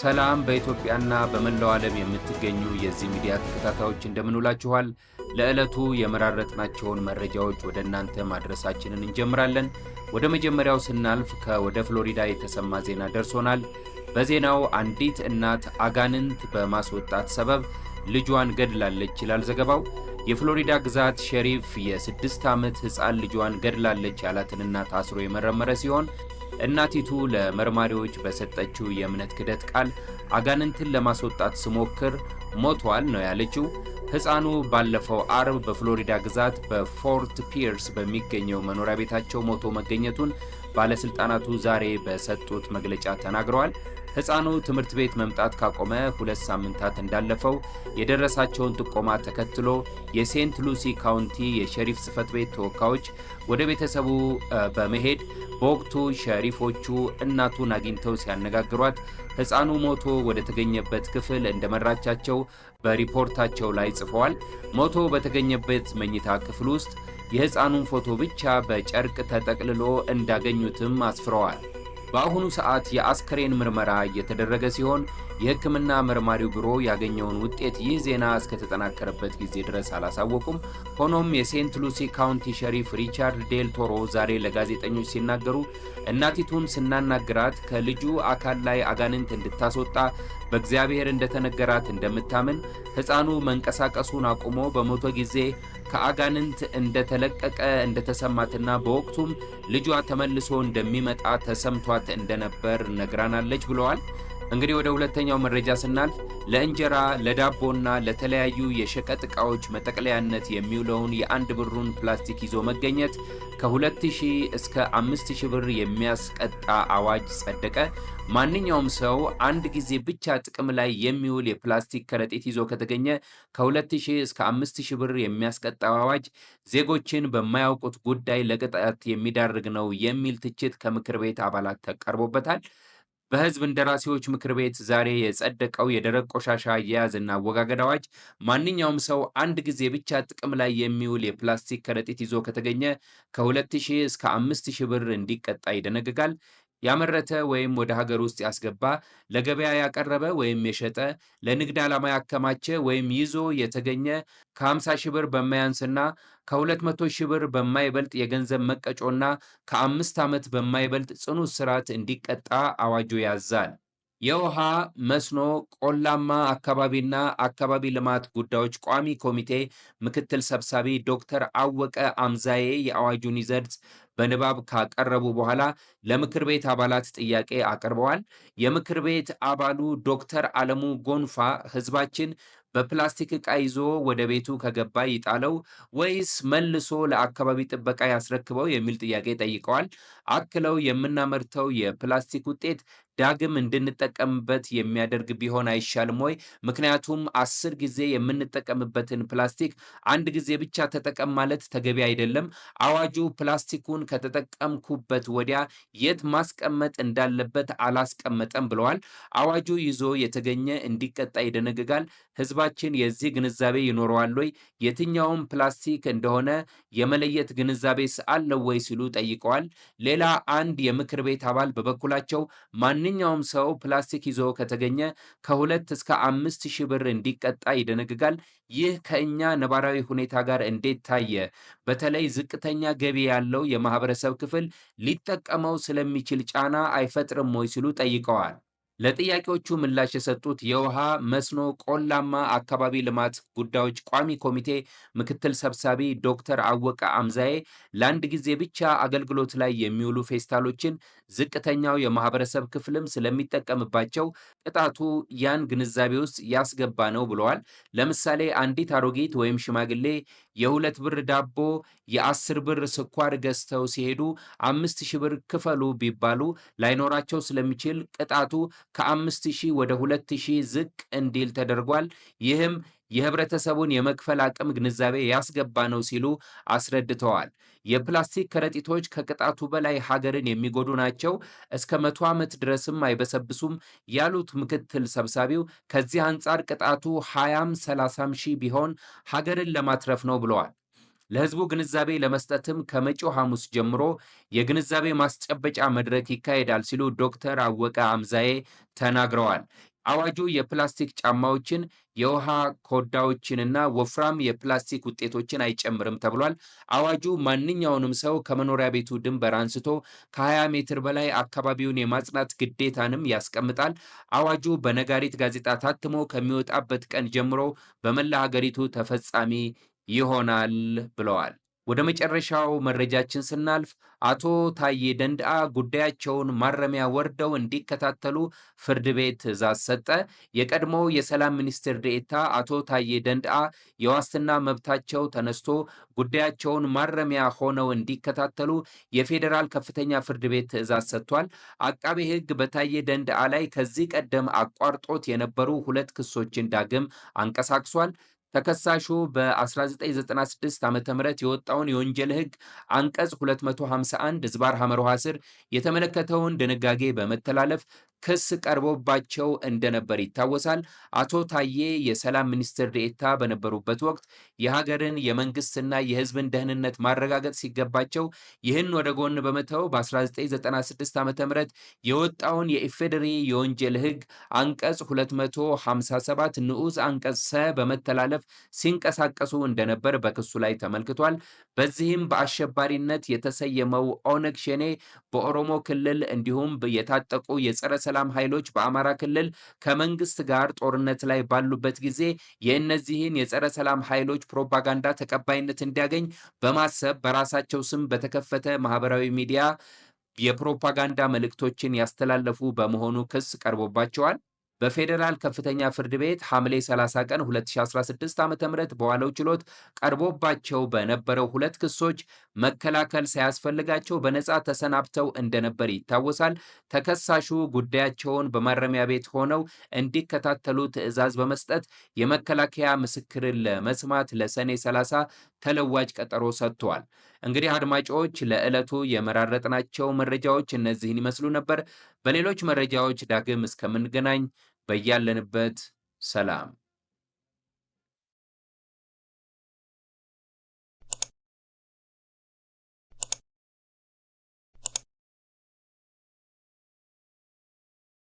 ሰላም በኢትዮጵያና በመላው ዓለም የምትገኙ የዚህ ሚዲያ ተከታታዮች እንደምንውላችኋል። ለዕለቱ የመራረጥናቸውን መረጃዎች ወደ እናንተ ማድረሳችንን እንጀምራለን። ወደ መጀመሪያው ስናልፍ ከወደ ፍሎሪዳ የተሰማ ዜና ደርሶናል። በዜናው አንዲት እናት አጋንንት በማስወጣት ሰበብ ልጇን ገድላለች ይላል ዘገባው። የፍሎሪዳ ግዛት ሸሪፍ የስድስት ዓመት ሕፃን ልጇን ገድላለች ያላትን እናት አስሮ የመረመረ ሲሆን እናቲቱ ለመርማሪዎች በሰጠችው የእምነት ክደት ቃል አጋንንትን ለማስወጣት ስሞክር ሞቷል ነው ያለችው። ሕፃኑ ባለፈው አርብ በፍሎሪዳ ግዛት በፎርት ፒየርስ በሚገኘው መኖሪያ ቤታቸው ሞቶ መገኘቱን ባለሥልጣናቱ ዛሬ በሰጡት መግለጫ ተናግረዋል። ሕፃኑ ትምህርት ቤት መምጣት ካቆመ ሁለት ሳምንታት እንዳለፈው የደረሳቸውን ጥቆማ ተከትሎ የሴንት ሉሲ ካውንቲ የሸሪፍ ጽሕፈት ቤት ተወካዮች ወደ ቤተሰቡ በመሄድ በወቅቱ ሸሪፎቹ እናቱን አግኝተው ሲያነጋግሯት ሕፃኑ ሞቶ ወደ ተገኘበት ክፍል እንደመራቻቸው በሪፖርታቸው ላይ ጽፈዋል። ሞቶ በተገኘበት መኝታ ክፍል ውስጥ የሕፃኑን ፎቶ ብቻ በጨርቅ ተጠቅልሎ እንዳገኙትም አስፍረዋል። በአሁኑ ሰዓት የአስከሬን ምርመራ እየተደረገ ሲሆን የሕክምና መርማሪው ቢሮ ያገኘውን ውጤት ይህ ዜና እስከተጠናከረበት ጊዜ ድረስ አላሳወቁም። ሆኖም የሴንት ሉሲ ካውንቲ ሸሪፍ ሪቻርድ ዴል ቶሮ ዛሬ ለጋዜጠኞች ሲናገሩ እናቲቱን ስናናግራት ከልጁ አካል ላይ አጋንንት እንድታስወጣ በእግዚአብሔር እንደተነገራት እንደምታምን ሕፃኑ መንቀሳቀሱን አቁሞ በሞተ ጊዜ ከአጋንንት እንደተለቀቀ እንደተሰማትና በወቅቱም ልጇ ተመልሶ እንደሚመጣ ተሰምቷል። እንደነበር ነግራናለች ብለዋል። እንግዲህ ወደ ሁለተኛው መረጃ ስናልፍ ለእንጀራ ለዳቦና ለተለያዩ የሸቀጥ ዕቃዎች መጠቅለያነት የሚውለውን የአንድ ብሩን ፕላስቲክ ይዞ መገኘት ከ2000 እስከ 5000 ብር የሚያስቀጣ አዋጅ ጸደቀ። ማንኛውም ሰው አንድ ጊዜ ብቻ ጥቅም ላይ የሚውል የፕላስቲክ ከረጢት ይዞ ከተገኘ ከ2000 እስከ 5000 ብር የሚያስቀጣ አዋጅ ዜጎችን በማያውቁት ጉዳይ ለቅጣት የሚዳርግ ነው የሚል ትችት ከምክር ቤት አባላት ተቀርቦበታል። በህዝብ እንደራሴዎች ምክር ቤት ዛሬ የጸደቀው የደረቅ ቆሻሻ አያያዝና አወጋገድ አዋጅ ማንኛውም ሰው አንድ ጊዜ ብቻ ጥቅም ላይ የሚውል የፕላስቲክ ከረጢት ይዞ ከተገኘ ከ2000 እስከ 5000 ብር እንዲቀጣ ይደነግጋል። ያመረተ ወይም ወደ ሀገር ውስጥ ያስገባ፣ ለገበያ ያቀረበ ወይም የሸጠ፣ ለንግድ ዓላማ ያከማቸ ወይም ይዞ የተገኘ ከ50 ሺህ ብር በማያንስና ከ200 ሺህ ብር በማይበልጥ የገንዘብ መቀጮና ከአምስት ዓመት በማይበልጥ ጽኑ እስራት እንዲቀጣ አዋጁ ያዛል። የውሃ መስኖ ቆላማ አካባቢና አካባቢ ልማት ጉዳዮች ቋሚ ኮሚቴ ምክትል ሰብሳቢ ዶክተር አወቀ አምዛዬ የአዋጁን ይዘት በንባብ ካቀረቡ በኋላ ለምክር ቤት አባላት ጥያቄ አቅርበዋል። የምክር ቤት አባሉ ዶክተር አለሙ ጎንፋ ህዝባችን በፕላስቲክ ዕቃ ይዞ ወደ ቤቱ ከገባ ይጣለው ወይስ መልሶ ለአካባቢ ጥበቃ ያስረክበው የሚል ጥያቄ ጠይቀዋል። አክለው የምናመርተው የፕላስቲክ ውጤት ዳግም እንድንጠቀምበት የሚያደርግ ቢሆን አይሻልም ወይ? ምክንያቱም አስር ጊዜ የምንጠቀምበትን ፕላስቲክ አንድ ጊዜ ብቻ ተጠቀም ማለት ተገቢ አይደለም። አዋጁ ፕላስቲኩን ከተጠቀምኩበት ወዲያ የት ማስቀመጥ እንዳለበት አላስቀመጠም ብለዋል። አዋጁ ይዞ የተገኘ እንዲቀጣ ይደነግጋል። ህዝባችን የዚህ ግንዛቤ ይኖረዋል ወይ? የትኛውም ፕላስቲክ እንደሆነ የመለየት ግንዛቤ አለው ወይ? ሲሉ ጠይቀዋል። ሌላ አንድ የምክር ቤት አባል በበኩላቸው ማን ማንኛውም ሰው ፕላስቲክ ይዞ ከተገኘ ከሁለት እስከ አምስት ሺህ ብር እንዲቀጣ ይደነግጋል። ይህ ከእኛ ነባራዊ ሁኔታ ጋር እንዴት ታየ? በተለይ ዝቅተኛ ገቢ ያለው የማህበረሰብ ክፍል ሊጠቀመው ስለሚችል ጫና አይፈጥርም ወይ ሲሉ ጠይቀዋል። ለጥያቄዎቹ ምላሽ የሰጡት የውሃ መስኖ ቆላማ አካባቢ ልማት ጉዳዮች ቋሚ ኮሚቴ ምክትል ሰብሳቢ ዶክተር አወቀ አምዛዬ ለአንድ ጊዜ ብቻ አገልግሎት ላይ የሚውሉ ፌስታሎችን ዝቅተኛው የማህበረሰብ ክፍልም ስለሚጠቀምባቸው ቅጣቱ ያን ግንዛቤ ውስጥ ያስገባ ነው ብለዋል። ለምሳሌ አንዲት አሮጊት ወይም ሽማግሌ የሁለት ብር ዳቦ የአስር ብር ስኳር ገዝተው ሲሄዱ አምስት ሺህ ብር ክፈሉ ቢባሉ ላይኖራቸው ስለሚችል ቅጣቱ ከአምስት ሺህ ወደ ሁለት ሺህ ዝቅ እንዲል ተደርጓል። ይህም የህብረተሰቡን የመክፈል አቅም ግንዛቤ ያስገባ ነው ሲሉ አስረድተዋል። የፕላስቲክ ከረጢቶች ከቅጣቱ በላይ ሀገርን የሚጎዱ ናቸው፣ እስከ መቶ ዓመት ድረስም አይበሰብሱም ያሉት ምክትል ሰብሳቢው ከዚህ አንጻር ቅጣቱ ሀያም 30 ሺህ ቢሆን ሀገርን ለማትረፍ ነው ብለዋል። ለህዝቡ ግንዛቤ ለመስጠትም ከመጪው ሐሙስ ጀምሮ የግንዛቤ ማስጨበጫ መድረክ ይካሄዳል ሲሉ ዶክተር አወቀ አምዛዬ ተናግረዋል። አዋጁ የፕላስቲክ ጫማዎችን፣ የውሃ ኮዳዎችንና ወፍራም የፕላስቲክ ውጤቶችን አይጨምርም ተብሏል። አዋጁ ማንኛውንም ሰው ከመኖሪያ ቤቱ ድንበር አንስቶ ከ20 ሜትር በላይ አካባቢውን የማጽናት ግዴታንም ያስቀምጣል። አዋጁ በነጋሪት ጋዜጣ ታትሞ ከሚወጣበት ቀን ጀምሮ በመላ ሀገሪቱ ተፈጻሚ ይሆናል ብለዋል። ወደ መጨረሻው መረጃችን ስናልፍ አቶ ታዬ ደንድአ ጉዳያቸውን ማረሚያ ወርደው እንዲከታተሉ ፍርድ ቤት ትዕዛዝ ሰጠ። የቀድሞው የሰላም ሚኒስትር ዴኤታ አቶ ታዬ ደንድአ የዋስትና መብታቸው ተነስቶ ጉዳያቸውን ማረሚያ ሆነው እንዲከታተሉ የፌዴራል ከፍተኛ ፍርድ ቤት ትዕዛዝ ሰጥቷል። አቃቤ ሕግ በታዬ ደንድአ ላይ ከዚህ ቀደም አቋርጦት የነበሩ ሁለት ክሶችን ዳግም አንቀሳቅሷል። ተከሳሹ በ1996 ዓ ም የወጣውን የወንጀል ህግ አንቀጽ 251 ዝባር ሐመር ውሃ ስር የተመለከተውን ድንጋጌ በመተላለፍ ክስ ቀርቦባቸው እንደነበር ይታወሳል። አቶ ታዬ የሰላም ሚኒስትር ዴኤታ በነበሩበት ወቅት የሀገርን የመንግስትና የህዝብን ደህንነት ማረጋገጥ ሲገባቸው ይህን ወደ ጎን በመተው በ1996 ዓ ም የወጣውን የኢፌዴሪ የወንጀል ህግ አንቀጽ 257 ንዑስ አንቀጽ ሰ በመተላለፍ ሲንቀሳቀሱ እንደነበር በክሱ ላይ ተመልክቷል። በዚህም በአሸባሪነት የተሰየመው ኦነግ ሸኔ በኦሮሞ ክልል እንዲሁም የታጠቁ የጸረ የሰላም ኃይሎች በአማራ ክልል ከመንግስት ጋር ጦርነት ላይ ባሉበት ጊዜ የእነዚህን የጸረ ሰላም ኃይሎች ፕሮፓጋንዳ ተቀባይነት እንዲያገኝ በማሰብ በራሳቸው ስም በተከፈተ ማህበራዊ ሚዲያ የፕሮፓጋንዳ መልእክቶችን ያስተላለፉ በመሆኑ ክስ ቀርቦባቸዋል። በፌዴራል ከፍተኛ ፍርድ ቤት ሐምሌ 30 ቀን 2016 ዓ ም በዋለው ችሎት ቀርቦባቸው በነበረው ሁለት ክሶች መከላከል ሳያስፈልጋቸው በነፃ ተሰናብተው እንደነበር ይታወሳል። ተከሳሹ ጉዳያቸውን በማረሚያ ቤት ሆነው እንዲከታተሉ ትዕዛዝ በመስጠት የመከላከያ ምስክርን ለመስማት ለሰኔ 30 ተለዋጭ ቀጠሮ ሰጥቷል። እንግዲህ አድማጮች ለዕለቱ የመራረጥናቸው መረጃዎች እነዚህን ይመስሉ ነበር። በሌሎች መረጃዎች ዳግም እስከምንገናኝ በያለንበት ሰላም